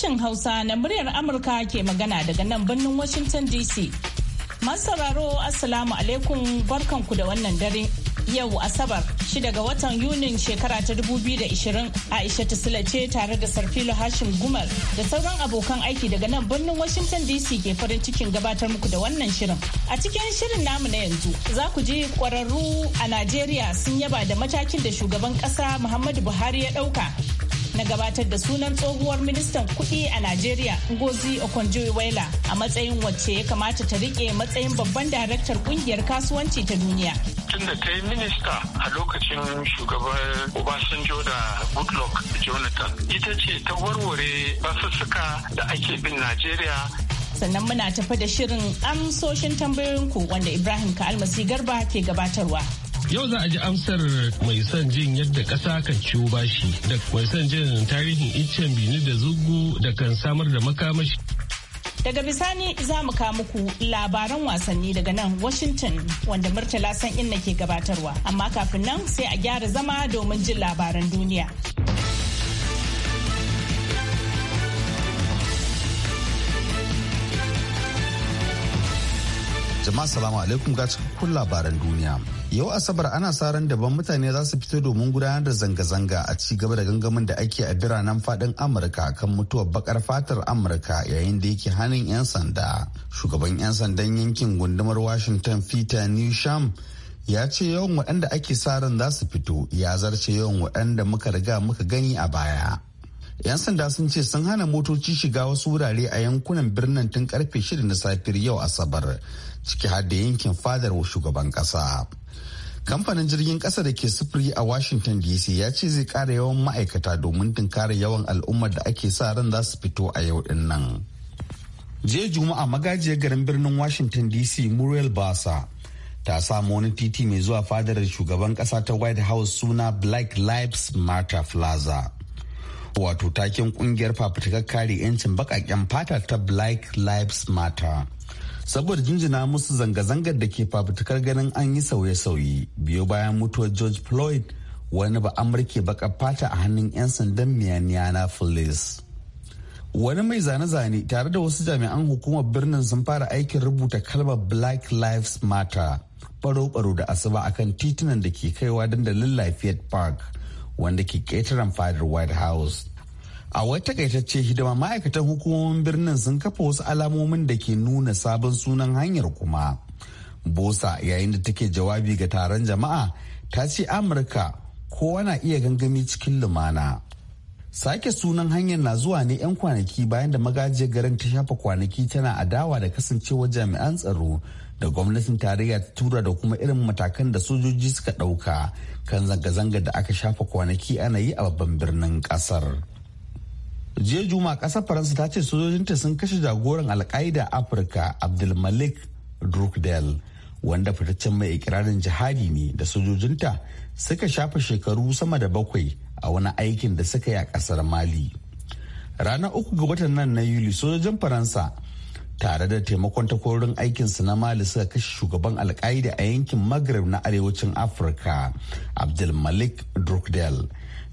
Sashen Hausa na muryar Amurka ke magana daga nan birnin Washington DC. Masu sauraro Assalamu alaikum barkanku da wannan dare. Yau Asabar shida ga watan Yuni shekara ta 2020 Aisha ta ce tare da Sarfilo Hashim Gumar da sauran abokan aiki daga nan birnin Washington DC ke farin cikin gabatar muku da wannan shirin. A cikin shirin namu na yanzu za ku ji kwararru a Najeriya sun yaba da matakin da shugaban ƙasa Muhammadu Buhari ya ɗauka. na gabatar da sunan tsohuwar ministan kuɗi a Najeriya Ngozi Okonjo-Iweala a matsayin wacce ya kamata ta rike matsayin babban daraktar kungiyar kasuwanci ta duniya. Tun da ta yi minista a lokacin shugaban Obasanjo da Goodluck Jonathan ita ce ta warware basussuka da ake bin Najeriya sannan muna tafi da shirin amsoshin tambayoyinku wanda Ibrahim Ka'almasi Garba ke gabatarwa. Yau za a ji amsar mai son jin yadda ƙasa kan ciwo bashi da mai son jin tarihin iccen bini da zugu da kan samar da makamashi. Daga bisani za mu ka muku labaran wasanni daga nan Washington wanda Murtala san inna ke gabatarwa. Amma kafin nan sai a gyara zama domin jin labaran duniya. Jama'a salamu alaikum ga cikakkun labaran duniya. Yau Asabar ana sa ran daban mutane za su fito domin gudanar da zanga-zanga a ci gaba da gangamin da ake a biranen fadin Amurka kan mutuwar bakar fatar Amurka yayin da yake hannun 'yan sanda. Shugaban 'yan sandan yankin gundumar Washington Peter Newsham ya ce yawan waɗanda ake sa ran za su fito ya zarce yawan waɗanda muka riga muka gani a baya. 'yan sanda sun ce sun hana motoci shiga wasu wurare a yankunan birnin tun karfe 6 na safiyar yau asabar ciki har da yankin fadar shugaban kasa kamfanin jirgin kasa da ke sufuri a washington dc ya ce zai kara yawan ma'aikata domin tunkara yawan al'ummar da ake sa ran za su fito a yau din nan jiya juma'a magajiyar garin birnin washington dc muriel basa ta samu wani titi mai zuwa fadar shugaban kasa ta white house suna black lives matter plaza wato takin kungiyar fafutukar kare 'yancin bakaken fata ta black lives matter saboda jinjina musu zanga-zangar da ke fafutukar ganin an yi sauye-sauye biyo bayan mutuwar george floyd wani ba amurke baka fata a hannun 'yan sandan minneapolis wani mai zane-zane tare da wasu jami'an hukumar birnin sun fara aikin rubuta kalmar black lives matter baro-baro da asuba akan titunan da ke kaiwa dandalin lafiyar park wanda ke ƙetaren fadar white house a wata takaitacce hidima ma'aikatan hukumomin birnin sun kafa wasu alamomin da ke nuna sabon sunan hanyar kuma bosa yayin da take jawabi ga taron jama'a ta ce amurka kowa na iya gangami cikin lumana sake sunan hanyar na zuwa ne 'yan kwanaki bayan da magajiyar garin ta shafa kwanaki tana adawa da kasancewa jami'an tsaro da gwamnatin tarayya ta tura da kuma irin matakan da sojoji suka ɗauka kan zanga-zanga da aka shafa kwanaki ana yi a babban birnin ƙasar. jiya juma ƙasar faransa ta ce sojojinta sun kashe jagoran alkaida afirka abdulmalik drukdel wanda fitaccen mai ikirarin jihadi ne da sojojinta suka shafa shekaru sama da bakwai a wani aikin da suka yi a ƙasar mali ranar uku ga watan nan na yuli sojojin faransa tare da taimakon takwarorin aikinsu na mali suka kashe shugaban alkaida a yankin Maghreb na arewacin afirka abdulmalik drukdel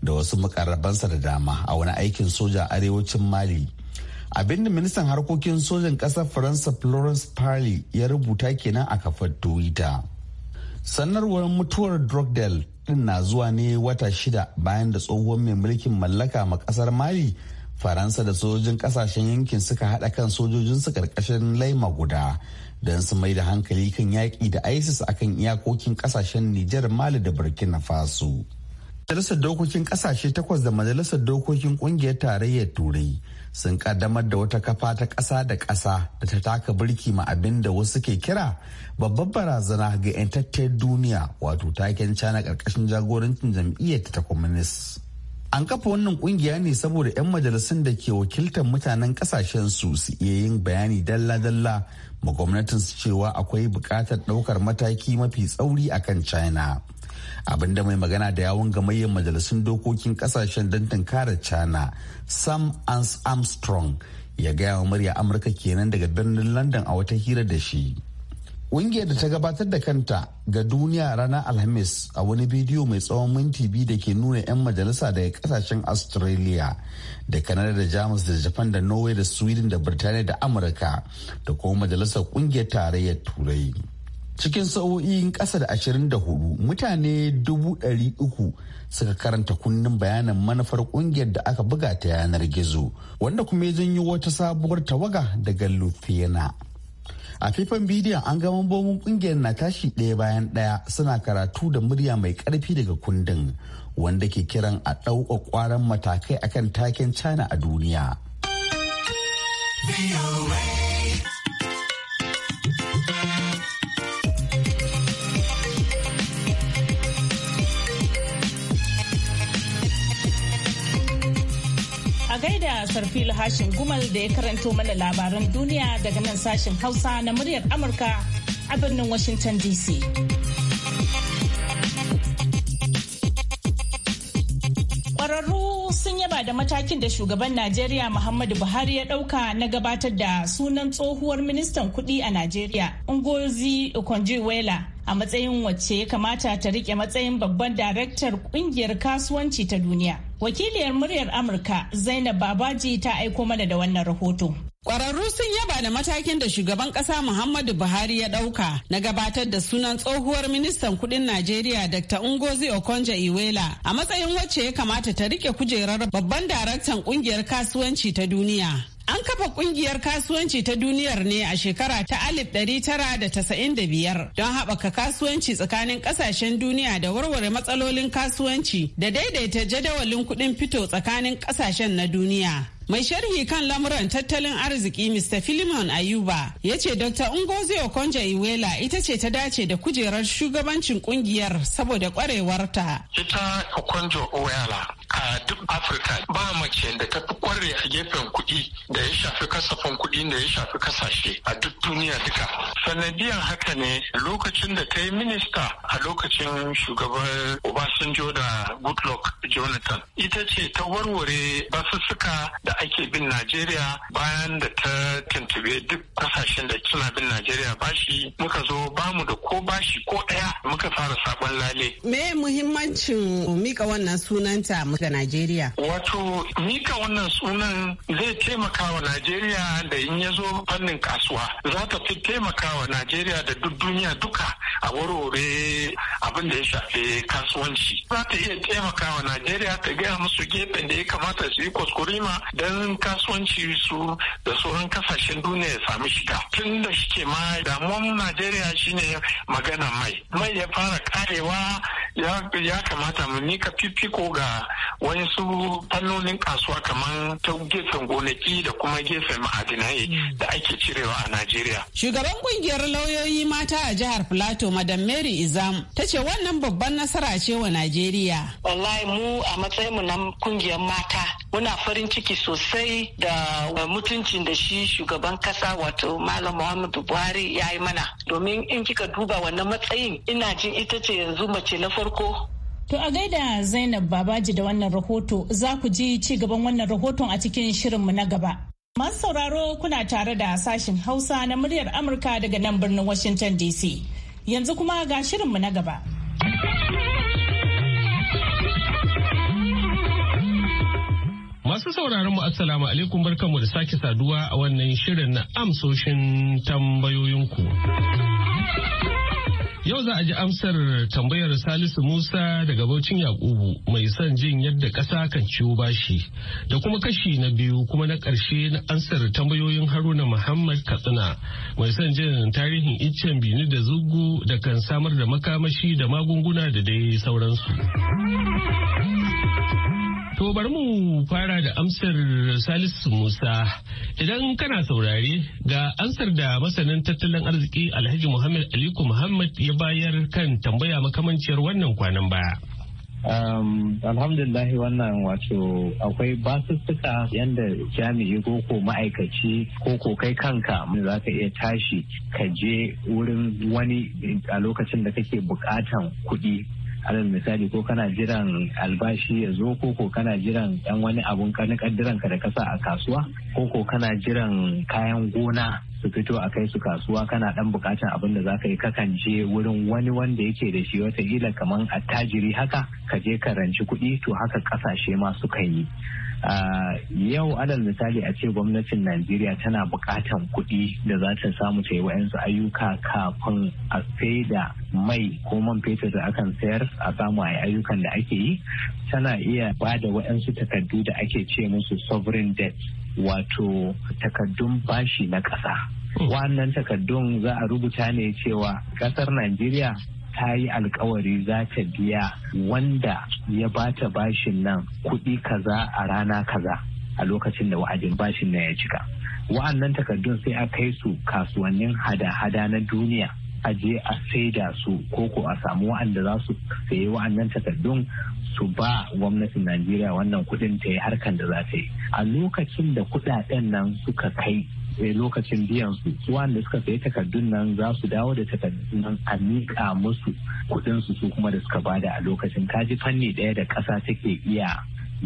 da wasu makarabansa da dama a wani aikin soja arewacin mali Abin da ministan harkokin sojan ƙasar faransa florence parly ya rubuta kenan a kafar twitter sanarwar mutuwar drukdel din na zuwa ne wata shida bayan da tsohuwar mai mulkin mallaka ma ƙasar mali faransa da sojojin kasashen yankin suka haɗa kan sojojinsu ƙarƙashin laima guda don su mai da hankali kan yaƙi da isis akan iyakokin kasashen nijar mali da burkina faso majalisar dokokin kasashe takwas da majalisar dokokin ƙungiyar tarayyar turai sun kaddamar da wata kafa ta ƙasa da ƙasa da ta taka birki ma abin da wasu ke kira babbar barazana ga 'yantattiyar duniya wato taken cana ƙarƙashin jagorancin jam'iyyar ta kwaminis. An kafa wannan kungiya ne saboda 'yan majalisun da ke wakiltar mutanen kasashen su su iya yin bayani dalla-dalla ma gwamnatin su cewa akwai bukatar daukar mataki mafi tsauri a kan China. abin da mai magana da yawon gamayyar majalisun dokokin kasashen don tunkara China, Sam Armstrong, ya gaya wa murya Amurka kenan daga birnin London a wata hira da shi. Ƙungiyar da ta gabatar da kanta ga duniya ranar Alhamis a wani bidiyo mai tsawon minti biyu da ke nuna 'yan majalisa daga kasashen Australia da Canada da Jamus da Japan da Norway da Sweden da Birtaniya da Amurka da kuma majalisar ƙungiyar tarayyar Turai. Cikin sa'o'in ƙasa da ashirin da hudu mutane dubu ɗari uku suka karanta kundin bayanin manufar ƙungiyar da aka buga ta yanar gizo wanda kuma ya janyo wata sabuwar tawaga daga Lufena. a faifan bidiyon an ga bomin kungiyar na tashi ɗaya bayan ɗaya suna karatu da murya mai ƙarfi daga kundin wanda ke kiran a ɗauka ƙwaran matakai akan taken china a duniya. A gaida Sarfil Hashin Gumal da ya karanto mana labaran duniya daga nan sashen Hausa na muryar Amurka a birnin Washington DC. da matakin da shugaban Najeriya Muhammadu Buhari ya dauka na gabatar da sunan tsohuwar ministan kudi a Najeriya, Ngozi Okonjo-Iweala. a matsayin wacce ya kamata ta rike matsayin babban daraktar kungiyar kasuwanci ta duniya. Wakiliyar muryar Amurka Zainab Babaji ta aiko mana da wannan rahoto. Ƙwararru sun yaba da matakin da shugaban ƙasa Muhammadu Buhari ya ɗauka na gabatar da sunan tsohuwar ministan kuɗin Najeriya Dr. Ngozi Okonjo-Iweala a matsayin wacce ya kamata ta rike kujerar babban daraktan ƙungiyar kasuwanci ta duniya. An kafa ƙungiyar kasuwanci ta duniyar ne a shekara ta 1995 don haɓaka kasuwanci tsakanin ƙasashen duniya da warware matsalolin kasuwanci da daidaita jadawalin kuɗin fito tsakanin ƙasashen na duniya. Mai sharhi kan lamuran tattalin arziki Mr. Philemon Ayuba ya ce Dr. Ngozi Okonjo iwela ita ce ta dace da kujerar shugabancin kungiyar saboda kwarewarta. Ita Okonjo iwela a duk afirka ba mace da ta fi kware a gefen kuɗi da ya shafi kasafin kuɗi da ya shafi kasashe a duk duniya duka sanadiyar haka ne lokacin da ta yi minista a lokacin shugaban obasanjo da goodluck jonathan ita ce ta warware basussuka da ake bin najeriya bayan da ta tuntube duk kasashen da suna bin najeriya bashi muka zo bamu da ko bashi ko ɗaya muka fara sabon lale. Me muhimmancin mika wannan sunanta ga Najeriya? Wato mika wannan sunan zai taimaka wa Najeriya da in ya zo fannin kasuwa. Za ta fi taimaka wa Najeriya da duk duniya duka a warware abin da ya shafi kasuwanci. Za ta iya taimaka wa Najeriya ta gaya musu gefen da ya kamata su yi kuskurima don kasuwanci su da sauran kasashen duniya ya sami shiga. Tun da shi ke ma damuwan Najeriya shine magana mai. Mai ya fara karewa ya kamata mu nika fifiko ga wasu fannonin kasuwa kamar ta gefen gonaki da kuma gefen ma'adinai da ake cirewa a Najeriya. Shugaban kungiyar lauyoyi mata a jihar Plateau Madam Mary Izam ta ce wannan babban nasara ce wa Najeriya. Wallahi mu a matsayin mu na kungiyar mata muna farin ciki sosai da mutuncin da shi shugaban kasa wato Malam Muhammadu Buhari ya yi mana domin in kika duba wannan matsayin ina ina ji ita ce yanzu mace na farko To a gaida Zainab Babaji da wannan rahoto za ku ji ci gaban wannan rahoton a cikin mu na gaba. Masu sauraro kuna tare da sashin Hausa na muryar Amurka daga nan birnin Washington DC. Yanzu kuma ga shirinmu na gaba. Masu sauraron mu Assalamu alaikum barkanmu da sake saduwa a wannan shirin na amsoshin tambayoyinku. Yau za a ji amsar tambayar Salisu Musa daga Baucin Yakubu mai son jin yadda ƙasa kan ciwo bashi da kuma kashi na biyu kuma na ƙarshe na amsar tambayoyin Haruna Muhammad Katsina mai son jin tarihin iccen bini da zugu da kan samar da makamashi da magunguna da dai sauransu. To bari mu fara da amsar Salisu Musa. Idan kana saurare ga amsar da masanin tattalin arziki Alhaji Muhammad Aliku Muhammad ya bayar kan tambaya makamanciyar wannan kwanan baya. Um, wannan wato akwai basussuka yadda jami'i ko ko ma'aikaci ko ko kai kanka za ka iya tashi ka je wurin wani a lokacin da kake bukatan kuɗi alal misali ko kana jiran albashi ya zo ko ko kana jiran yan wani abun kaddiran ka da kasa a kasuwa ko ko kana jiran kayan gona su fito a kai su kasuwa kana dan bukatan abin da zaka yi kakan je wurin wani wanda yake da shi wata wataƙila kaman attajiri haka ka je ka ranci kuɗi to haka ƙasashe ma suka yi yau alal misali a ce gwamnatin najeriya tana bukatan kuɗi da za ta samu ta yi wa'yansu ayyuka kafin a da mai ko man fetur da akan sayar a samu a ayyukan da ake yi tana iya ba da wa'yansu takardu da ake ce musu sovereign debt wato takardun bashi na ƙasa. Hmm. wannan takardun za a rubuta ne cewa kasar Najeriya ta yi alkawari za ta biya wanda ya bata bashin nan kuɗi kaza a rana kaza a lokacin da wa'adin bashin nan ya cika wa'annan takardun sai a kai su kasuwannin hada-hada na duniya a je a saida su ko ko a samu wa'anda za su sayi wa'annan takardun su ba gwamnatin najeriya wannan kuɗin ta yi harkan da za ta yi a lokacin da kuɗaɗen nan suka kai lokacin biyan su wanda suka sayi takardun nan za su dawo da takardun nan a miƙa musu kuɗin su su kuma da suka bada a lokacin kaji fanni ɗaya da ƙasa take iya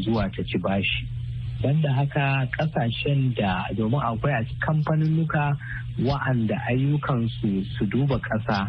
zuwa ta ci bashi da haka ƙasashen da domin akwai a kamfanunuka wa'anda ayyukansu su duba ƙasa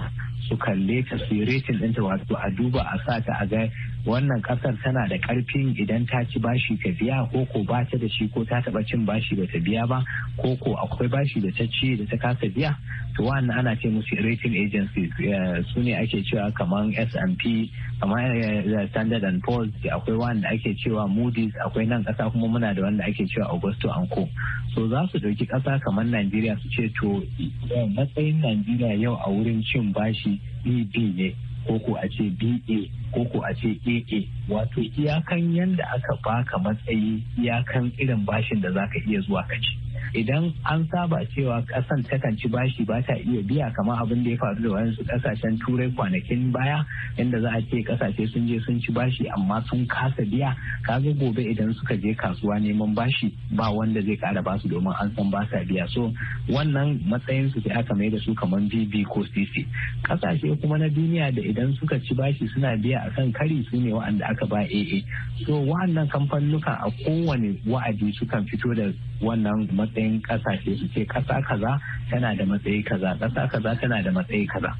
su kalle ta su yi retin ɗinta wato a duba a sa ta a ga wannan kasar tana da karfin idan ta ci bashi ta biya ko ko ba ta da shi ko ta taba cin bashi ba ta biya ba ko ko akwai bashi da ta ci da ta kasa biya to wannan ana ce musu rating agencies eh, su ne ake cewa kamar S&P kamar eh, Standard and Poor's akwai wanda ake cewa Moody's akwai nan kasa kuma muna da wanda ake cewa Augusto Co. so za su dauki kasa kamar Najeriya su ce to eh, matsayin Najeriya yau a wurin cin bashi BB e ne ko ko a ce BA ko ko a ce AA wato iyakan yanda aka baka matsayi iyakan irin bashin da zaka iya zuwa ka ci idan an saba cewa kasan takan ci bashi ba ta iya biya kamar abin da ya faru da wayansu kasashen turai kwanakin baya inda za a ce kasashe sun je sun ci bashi amma sun kasa biya kaga gobe idan suka je kasuwa neman bashi ba wanda zai kara basu domin an san ba sa biya so wannan matsayin su sai aka mai da su kamar bb ko cc kasashe kuma na duniya da idan suka ci bashi suna biya a kan kari su ne wa'anda aka ba aa so wa'annan kamfanuka a kowane wa'adi sukan fito da wannan matsayin kasashe su ce kasa kaza tana da matsayi kaza kasa kaza tana da matsayi kaza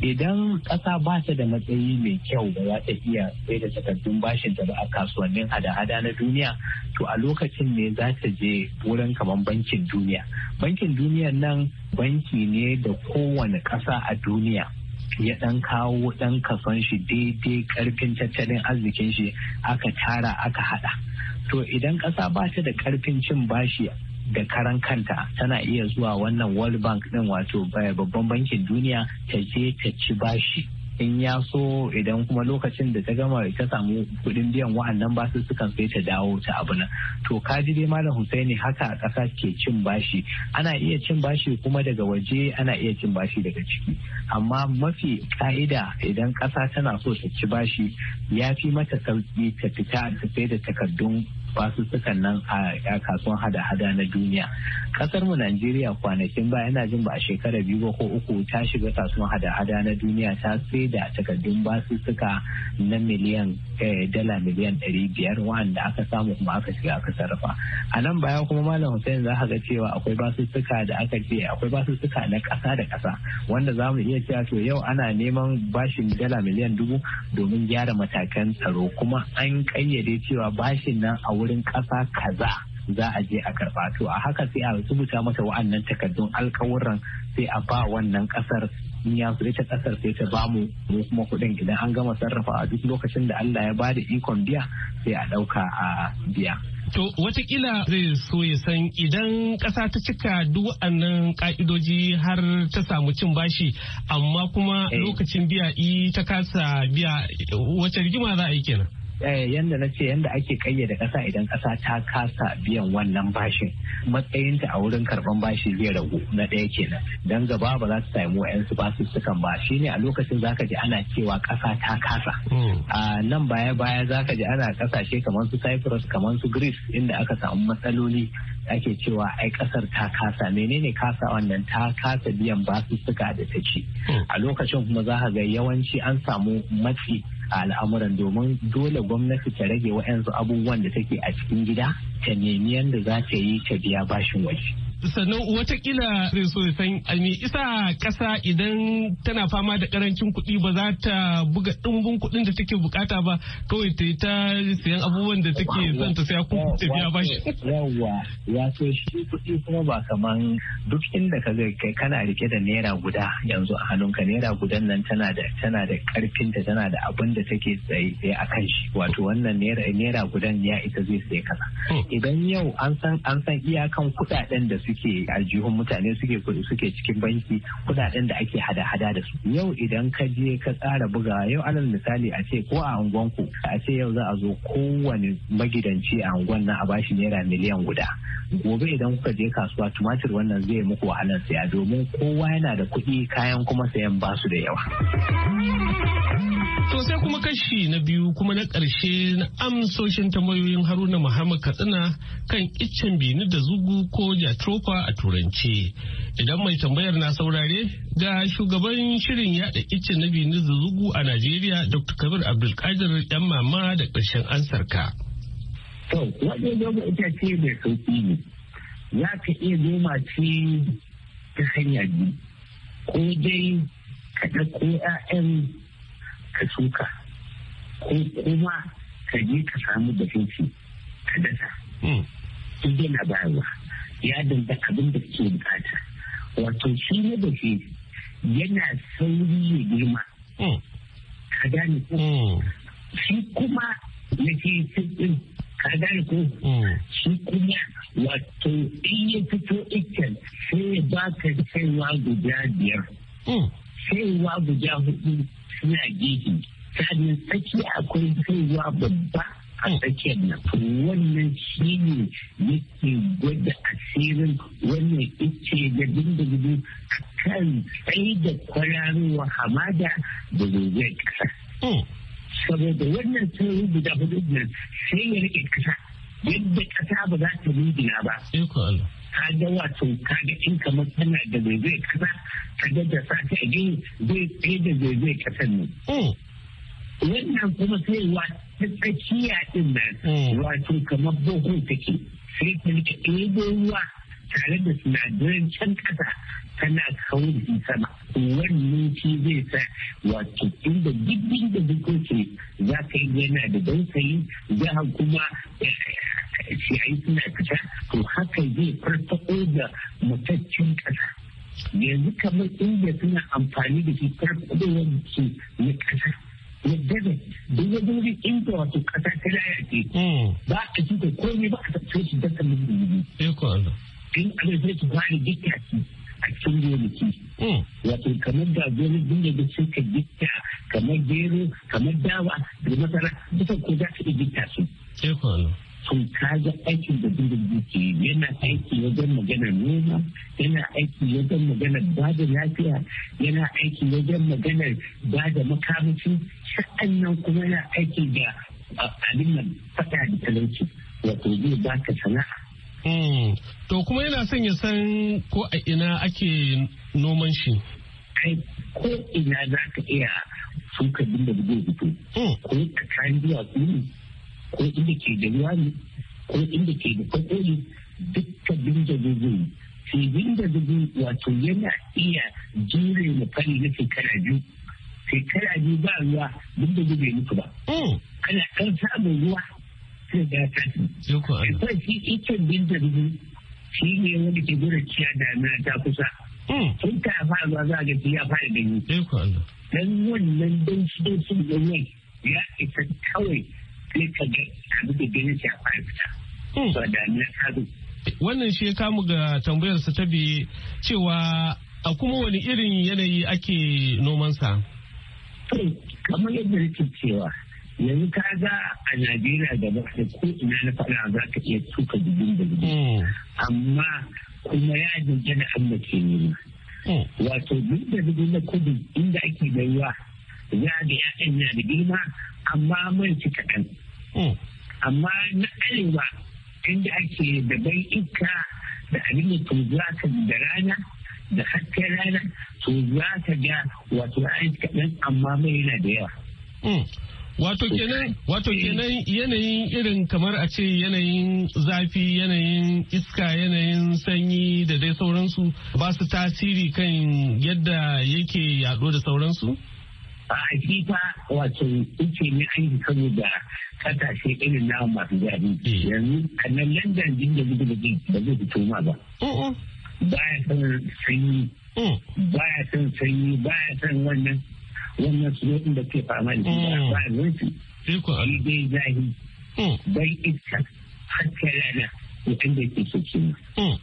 idan ƙasa ba ta da matsayi mai kyau ba za ta iya sai da takardun bashin ta ba a kasuwannin hada-hada na duniya to a lokacin ne za ta je wurin kamar bankin duniya bankin duniya nan banki ne da kowane ƙasa a duniya ya ɗan kawo ɗan kason shi daidai karfin tattalin arzikin shi aka tara aka hada to idan ƙasa ba ta da karfin cin bashi da karan kanta tana iya zuwa wannan world bank din wato eh, babban bankin duniya ta je ta ci bashi in ya so idan kuma lokacin da ta gama ta samu kudin biyan wa'annan basu sukan sai ta dawo ta abu na to kaji dai malam husaini haka a ƙasa ke cin bashi ana iya cin bashi kuma daga waje ana iya cin bashi daga ciki amma mafi ka'ida idan ƙasa tana so ta ci bashi ya fi mata sauki ta fita ta sai da takardun basussukan nan a kasuwan hada-hada na duniya kasar mu najeriya kwanakin ba yana jin ba a shekara biyu ba ko uku ta shiga kasuwan hada-hada na duniya ta sai da takardun basussuka na miliyan eh, dala miliyan ɗari biyar wanda aka samu kuma aka shiga aka sarrafa a nan baya kuma malam hussein za ga cewa akwai basussuka da aka ce akwai basussuka na ƙasa da ƙasa wanda za mu iya cewa to yau ana neman bashin dala miliyan dubu domin gyara matakan tsaro kuma an ƙayyade cewa bashin nan a wurin ƙasa kaza za a je a karɓa to a haka sai a rubuta mata wa'annan takardun alkawuran sai a ba wannan ƙasar in ya su ta ƙasar sai ta ba mu mu kuma kuɗin idan an gama sarrafa a duk lokacin da Allah ya bada ikon biya sai a ɗauka a biya. To watakila zai so ya san idan ƙasa ta cika duk wa'annan ƙa'idoji har ta samu cin bashi amma kuma eh. lokacin biya ta kasa biya wacce rigima za a yi kenan. Eh, yadda na ce yanda ake kayyade ƙasa idan ƙasa ta kasa biyan wannan bashin matsayinta a wurin karban bashi zai ragu na ɗaya kenan don gaba ba za su samu wa'yansu basu sukan ba shi ne a lokacin zaka ji ana cewa ƙasa ta kasa hmm. a nan baya baya zaka ji ana ƙasashe kamar su cyprus kamar su greece inda aka samu matsaloli ake cewa ai ƙasar ta kasa menene kasa wannan ta kasa biyan basu suka da ta ci hmm. a lokacin kuma za ga yawanci an samu matsi a al'amuran domin dole gwamnati ta rage wa'yansu abubuwan da take a cikin gida ta nemi yadda za ta yi ta biya bashin waje. sannan watakila zai so ya san me isa kasa idan tana fama da karancin kuɗi ba za ta buga ɗumbin kuɗin da take bukata ba kawai ta yi ta siyan abubuwan da take son ta siya kuma ta biya ba shi. Yawwa ya so shi kuɗi kuma ba kaman duk inda ka zai kai kana rike da naira guda yanzu a hannunka naira gudan nan tana da tana da karfin ta tana da abin da take tsaye tsaye a kan shi wato wannan naira naira gudan ya ita zai sai kaza. Hmm. Idan yau an san an san iyakan kuɗaɗen da suke aljihun mutane suke suke cikin banki kudaden da ake hada-hada da su yau idan ka je ka tsara buga yau alal misali a ce ko a unguwanku a ce yau za a zo kowane magidanci a unguwan nan a bashi naira miliyan guda gobe idan kuka je kasuwa tumatir wannan zai muku wahalar saya domin kowa yana da kuɗi kayan kuma sayan basu da yawa. To sai kuma kashi na biyu kuma na ƙarshe na amsoshin tambayoyin Haruna Muhammad Katsina kan iccen bini da zugu ko jatrofa a turance. Idan mai tambayar na saurare ga shugaban shirin yada iccen na bini da zugu a Najeriya Dr. Kabir Abdulkadir yan mama da ƙarshen ansarka. To, wajen itace mai sauƙi ne. Za ka iya noma ce ta hanya biyu. Ko dai ka ɗauko 'ya'yan ka shuka ko kuma ka je ka samu da ka dasa In yana bayarwa ya danda abin da suke bukata wato shi ne da shi yana sauri ya girma hmm. ka gane ko hmm. shi kuma na ke din ka gane ko hmm. shi kuma wato in ya fito ikken sai ya baka cewa guda biyar saiwa guda hudu suna gefe sannan tsakiya akwai kaiwa babba a tsakiyar nan wannan shi ne yake gwada asirin wannan ice da dindigidi kan tsaye da kwararowa hamada da zaizayar kasa hmm. saboda wannan tsaye guda hudu nan sai ya rike kasa yadda kasa ba za ta rigina ba kaga wato kaga in kamar tana da zaizayar kasa a da sa ta zai tsaye da zaizayar kasar kamar bohol take sai ta rike ɗebo ruwa tare da sinadarin can ƙasa tana kawo da sama wannan shi zai sa wato inda duk da duk za ka yi yana da dausayi za kuma shi eh, ciyayi suna fita to haka zai farfaɗo da mutaccen ƙasa yanzu kamar inda suna amfani da shi wani su na ƙasa na daga in ya zama inda wato kasa ta lalace hmm. ba a ci da komai ba a tafiye shi da kan mutum eh in abin zai ki gane dukka a cikin gonaki hmm. wato kamar da gonar dinga da ka dukka kamar gero kamar dawa da masara duka ko za ta iya dukka su sun eh kaga aikin da dinga ke yana aiki wajen maganar noma yana aiki wajen maganar ba lafiya yana aiki wajen maganar bada da sa'annan kuma yana aiki da abin nan fata da talauci wato zai ka sana'a hmm. To kuma yana son ya san ko a ina ake noman shi. Kai ko ina za ka iya suka bin da zai fito. Hmm. Ko ka kan duwatsu ne, ko inda ke da ruwa ne, ko inda ke da kwakwai dukka bin da zai Sai bin da zai wato yana iya jure na na shekara biyu. a biyu ba ruwa duk da gube muku ba. Oh. Ana ɗan samun ruwa sai da ta. Kuma shi ikin bin da rubu shi ne wanda ke gura ciya damina ta kusa. Sun hmm. ta fara ruwa za a ga ya fara gani. Dan wannan don shi don su da ya isa kawai sai ka ga abu da gani ya fara fita. Hmm. Ba damina ta Wannan shi ya kamu ga tambayarsa ta bi cewa a kuma wani irin yanayi ake nomansa? kamar yadda nake cewa yanzu ka ga a Najeriya ba da ko ina na faɗa za ka iya tuka dubin da dubin. Hmm. Amma kuma ya jinta da an ke nema. Hmm. Wato duk da dubin na kudu inda ake da ruwa za ga ya'yan na da girma amma mai ci kaɗan. Hmm. Amma na arewa inda ake da bai iska da abin da za ka da rana. da haske rana to za ka ga wato ra'ayin kaɗan amma mai yana da yawa. Hmm. Wato kenan wato kenan yanayin irin kamar a ce yanayin zafi yanayin iska yanayin sanyi da dai sauransu ba su tasiri kan yadda yake yaɗo da sauransu? a hakika wato ce ne an yi kano da kasashe irin na masu zafi eh. yanzu kanan landan jin da gudu da zai fito ma ba. baya son sanyi mm. baya son sanyi baya son wannan wannan sunodin da ke fama da mm. ba zafi shi dai zahi mm. bai iska hatta rana mutum da ke so kenan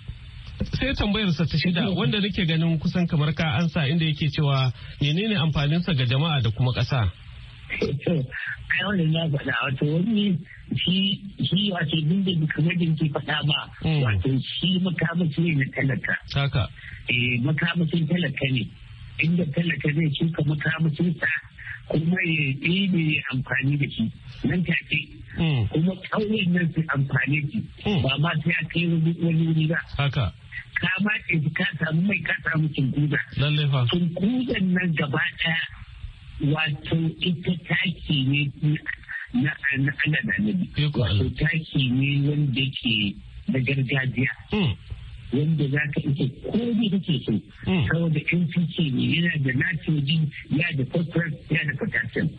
sai tambayar sa ta shida wanda nake ganin kusan kamar ka ansa inda yake cewa menene amfaninsa ga jama'a da kuma ƙasa. ai wannan ya faɗa wato wani shi shi wato duk da duka wajen ke faɗa ba hmm. wato shi makamashi ne na talaka haka eh makamashin talaka ne inda talaka zai shuka makamashin sa kuma ya ɗebe amfani da shi nan take hmm. kuma ƙauyen nan su amfani shi hmm. ba ma sai a kai wani wuri ba haka ka ma ka samu mai ka samu cinkuda cinkudan nan gaba ɗaya wato ita taki ne na ana da nabi wato taki ne wanda ke na gargajiya hmm. wanda za ka ita ko ne kake so hmm. saboda fice ne yana da nitrogen ya da phosphorus ya da potassium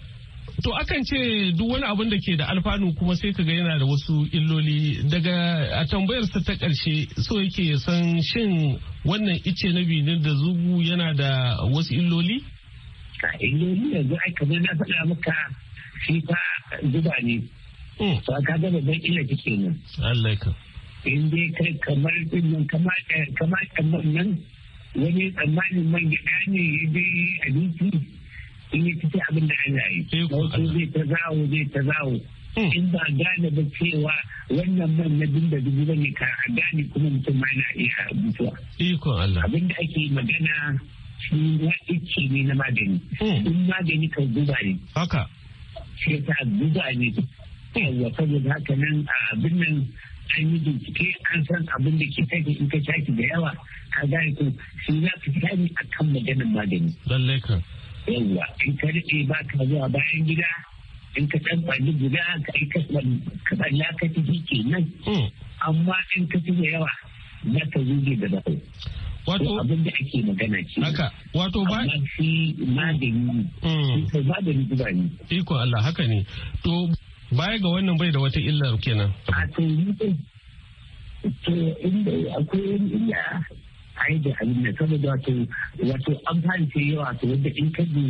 To akan ce duk wani abin da ke da alfanu kuma sai kaga yana da wasu illoli daga a tambayarsa ta ƙarshe so yake san shin wannan ice na binin da zugu yana da wasu illoli? domin yanzu ai kamar na faɗa maka shi fa zuba ne hmm. to ka ga babban illa kike nan Allah in dai kai kamar din kamar eh, kamar kamar nan wani tsammanin man gida ne ya je abinci in ya ci abin da ana yi eh wasu zai ta zawo zai ta zawo hmm. in ba gane ba cewa wannan man na dinda dubu ba ne ka gane kuma mutum ma na iya mutuwa abin da ake magana shi ne na magani hmm. in magani kan guba ne haka sai ta guba ne yawa saboda haka nan a abin nan an yi bincike an san abin da ke kai in ka shaki da yawa a gane ko shi za ka sani a kan maganin magani. Lallai kan. Yawa in ka daɗe ba ka zuwa bayan gida in ka ɗan ɓalli guda ka yi ka ɓalla ka ke nan? Hmm. Amma in ka fi da yawa za ka zuge da bakwai. wato abin da ake magana ce haka wato ba shi magani mm. ko magani guba ne iko Allah haka ne to baya ga wannan bai da wata illar kenan a to to inda akwai illa ai da abin da saboda wato wato an fahimce yawa to wanda in ka da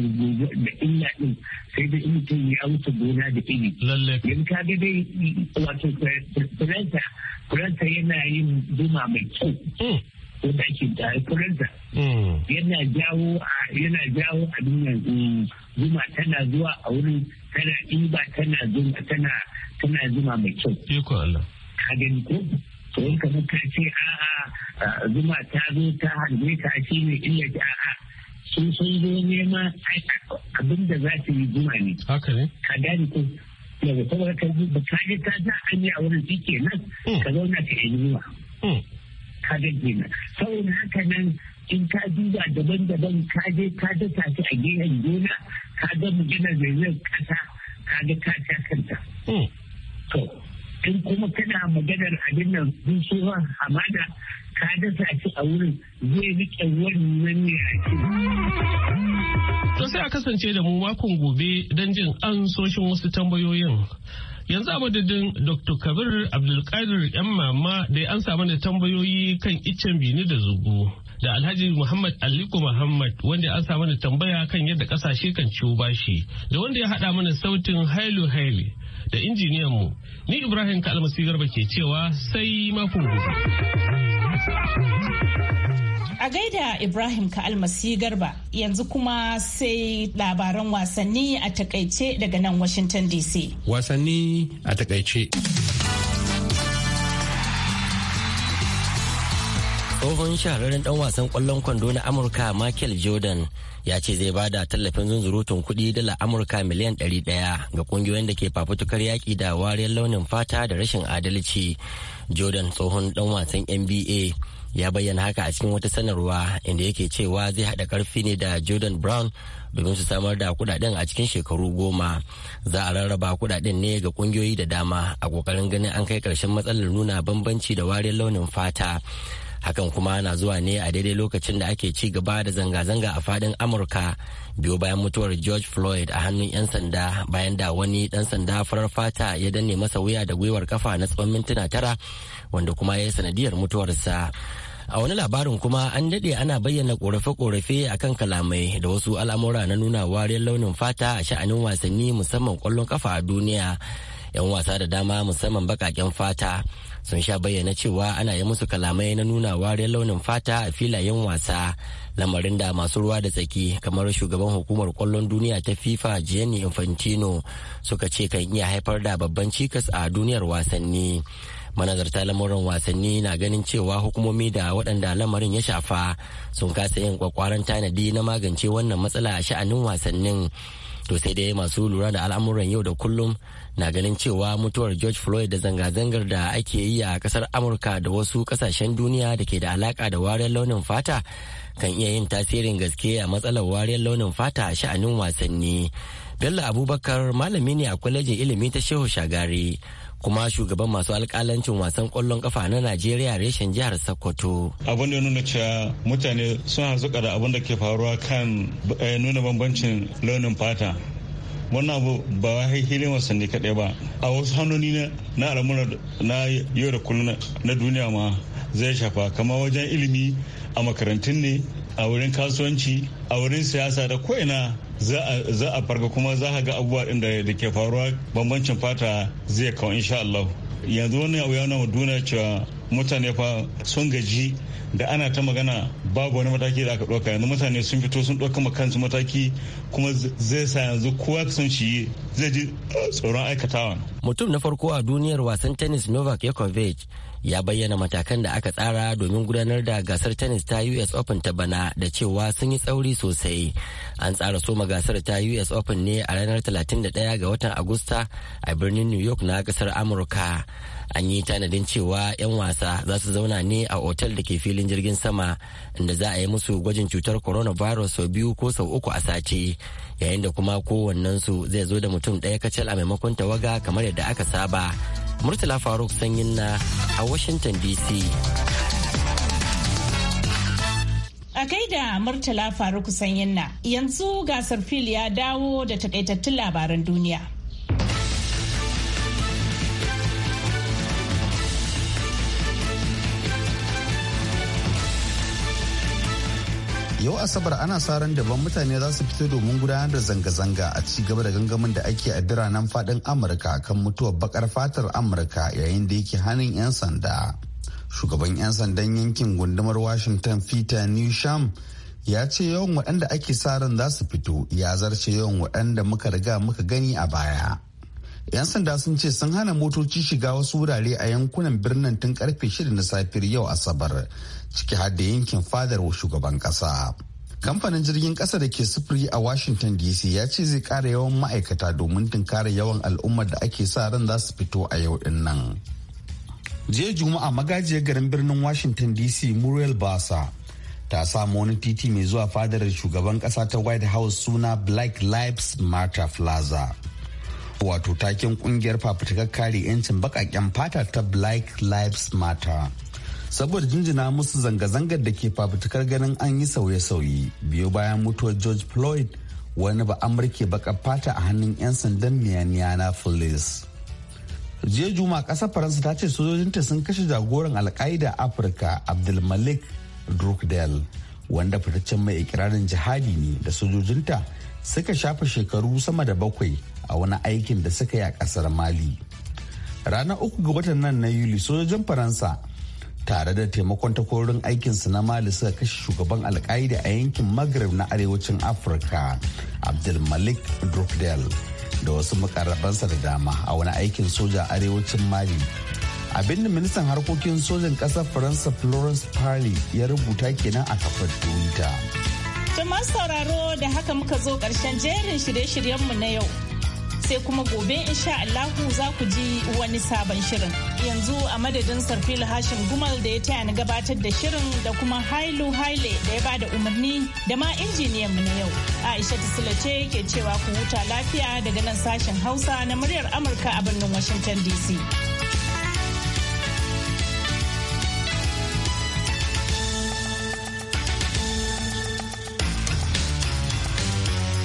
illa din sai da in mutum ya wuce gona da iri lalle yan ka ga dai wato kuranta eh, kuranta yana yin zuma mai kyau mm. wanda ake da haifuransa yana jawo yana jawo a duniyar hmm, zuma tana zuwa a wurin tana ba tana zuma tana tana zuma mai kyau iko Allah ka gani ko to in ka muka ce a'a zuma ta zo ta harbe ta shi ne illa ta a'a sun sun zo nema abin da za su yi zuma ne haka ne ka gani ko daga saboda ka ji ta za a yi a wurin shi kenan hmm. ka zauna ka yi zuma hmm. kaga na saboda haka nan in ka duba daban-daban ka je ka dasa a gehen gona ka ga maganar zaizayar kasa ka ga ka sha kanta. Hmm. To in kuma kana maganar abin nan sun hamada ka dasa shi a wurin zai rike wannan ne a To sai a kasance da mu makon gobe don jin an soshin wasu tambayoyin. Yanzu a madadin Dr. Kabir Abdulkadir ‘yan mama da ya ansa da tambayoyi kan iccen bini da zugu. Da Alhaji Muhammad Aliko Muhammad wanda an samu da tambaya kan yadda kasashe kan ciwo bashi da wanda ya haɗa mana sautin hailu haile da injiniyan mu ni Ibrahim almasi Garba ke cewa sai makon gobe. A gaida Ibrahim ka almasi Garba yanzu kuma sai labaran wasanni a takaice daga nan Washington DC. Wasanni a takaice. tsohon shahararren dan wasan kwallon kwando na amurka michael jordan ya ce zai bada tallafin zunzurutun kudi dala amurka miliyan 100 ga kungiyoyin da ke fafutukar yaƙi da wariyar launin fata da rashin adalci jordan tsohon dan wasan nba ya bayyana haka a cikin wata sanarwa inda yake cewa zai haɗa karfi ne da jordan brown domin su samar da kudaden a cikin shekaru goma za a rarraba kudaden ne ga kungiyoyi da dama a kokarin ganin an kai karshen matsalar nuna bambanci da wariyar launin fata hakan kuma na zuwa ne a daidai lokacin da ake ci gaba da zanga-zanga a fadin amurka biyo bayan mutuwar george floyd a hannun 'yan sanda bayan da wani dan sanda farar fata ya danne masa wuya da gwiwar kafa na tsawon mintuna tara wanda kuma ya yi sanadiyar mutuwarsa a wani labarin kuma an daɗe ana bayyana korafe-korafe a kan kalamai da wasu al'amura na nuna wariyar launin fata a sha'anin wasanni musamman ƙwallon kafa a duniya 'yan wasa da dama musamman baƙaƙen fata sun sha bayyana cewa ana yi musu kalamai na nuna wariyar launin fata a filayen wasa lamarin da masu ruwa da tsaki kamar shugaban hukumar kwallon duniya ta fifa jenny infantino suka ce kan iya haifar da babban cikas a duniyar wasanni manazarta lamarin wasanni na ganin cewa hukumomi da waɗanda lamarin ya shafa sun kasa yin kwakwaran tanadi na magance wannan matsala a sha'anin wasannin to sai dai masu lura da al'amuran yau da kullum na ganin cewa mutuwar george floyd da zanga-zangar da ake yi a kasar amurka da wasu kasashen duniya da ke da alaka da wariyar launin fata kan iya yin tasirin gaske a matsalar wariyar launin fata a sha'anin wasanni bello abubakar malami ne a kwalejin ilimi ta shehu shagari kuma shugaban masu alkalancin wasan kwallon kafa na najeriya reshen jihar sokoto abin da nuna cewa mutane suna zuƙa da abin da ke faruwa kan eh, nuna bambancin launin fata wannan abu ba hilin wasanni kaɗai ba a wasu hannuni na al'amura na yau da kullum na duniya ma zai shafa kama wajen ilimi a makarantun ne a wurin kasuwanci a wurin siyasa da ko'ina za a farga kuma za a ga abubuwa ɗin da ke faruwa bambancin fata zai kawo insha Allah yanzu wani abu yana duniya cewa mutane fa sun gaji da ana ta magana babu wani mataki da aka ɗauka yanzu mutane sun fito sun ɗauka ma kansu mataki kuma zai sa yanzu kowa sun shi zai ji tsoron aikatawa. mutum na farko a duniyar wasan tennis novak yakovic ya bayyana matakan da aka tsara domin gudanar da gasar tennis ta US Open ta bana da cewa sun yi tsauri sosai. An tsara soma gasar ta US Open ne a ranar 31 ga watan Agusta a birnin New York na kasar Amurka. An yi tanadin cewa 'yan wasa za su zauna ne a otal da ke filin jirgin sama inda za a yi musu gwajin cutar coronavirus sau biyu ko sau uku a sace yayin da kuma kowannensu zai zo da mutum ɗaya kacal a maimakon tawaga kamar yadda aka saba. Murtala Faruk Sanyin na a Washington DC. A da Murtala Faruk Sanyin na yanzu gasar fil ya dawo da takaitattun labaran duniya. yau asabar ana sa ran daban mutane za su fito domin gudanar da zanga-zanga a ci gaba da gangamin da ake a biranen fadin amurka kan mutuwar bakar fatar amurka yayin da yake hannun 'yan sanda shugaban 'yan sandan yankin gundumar washington peter newsham ya ce yawan waɗanda ake sa ran za su fito ya zarce yawan waɗanda muka riga muka gani a baya 'yan sanda sun ce sun hana motoci shiga wasu wurare a yankunan birnin tun karfe 6 na safiyar yau asabar ciki har da yankin fadar shugaban kasa kamfanin jirgin kasa da ke sufuri a washington dc ya ce zai kara yawan ma'aikata domin tunkara yawan al'ummar da ake sa ran za su fito a yau din nan jiya juma'a magajiyar garin birnin washington dc muriel basa ta samu wani titi mai zuwa fadar shugaban kasa ta white house suna black lives matter plaza wato taken kungiyar fafutukar kare 'yancin bakaken fata ta black lives matter saboda jinjina musu zanga-zangar da ke fafutukar ganin an yi sauye-sauye biyo bayan mutuwar george floyd wani ba amurke baka fata a hannun 'yan sandan na miyaniya police. jiya juma kasar faransa ta ce sojojinta sun kashe jagoran alkaida afirka abdulmalik drukdel wanda fitaccen mai ikirarin jihadi ne da sojojinta suka shafa shekaru sama da bakwai a wani aikin da suka yi a kasar mali ranar uku ga watan nan na yuli sojojin faransa tare da taimakon takwarorin aikinsu na mali suka kashe shugaban alkaida a yankin maghreb na arewacin afirka abdulmalik drukdel da wasu makarabansa da dama a wani aikin soja arewacin mali abin da ministan harkokin sojan ƙasar faransa florence parly ya rubuta kenan a kafar twitter. masu sauraro da haka muka zo ƙarshen jerin shirye-shiryenmu na yau sai kuma gobe insha Allahu za ku ji wani sabon shirin. Yanzu a madadin Sarfil hashin Gumal da ya taya ni gabatar da shirin da kuma Hailu Haile da ya bada umarni da ma injiniyan mu na yau. Aisha Tisila ce ke cewa ku huta lafiya daga nan sashen Hausa na muryar Amurka a birnin Washington DC.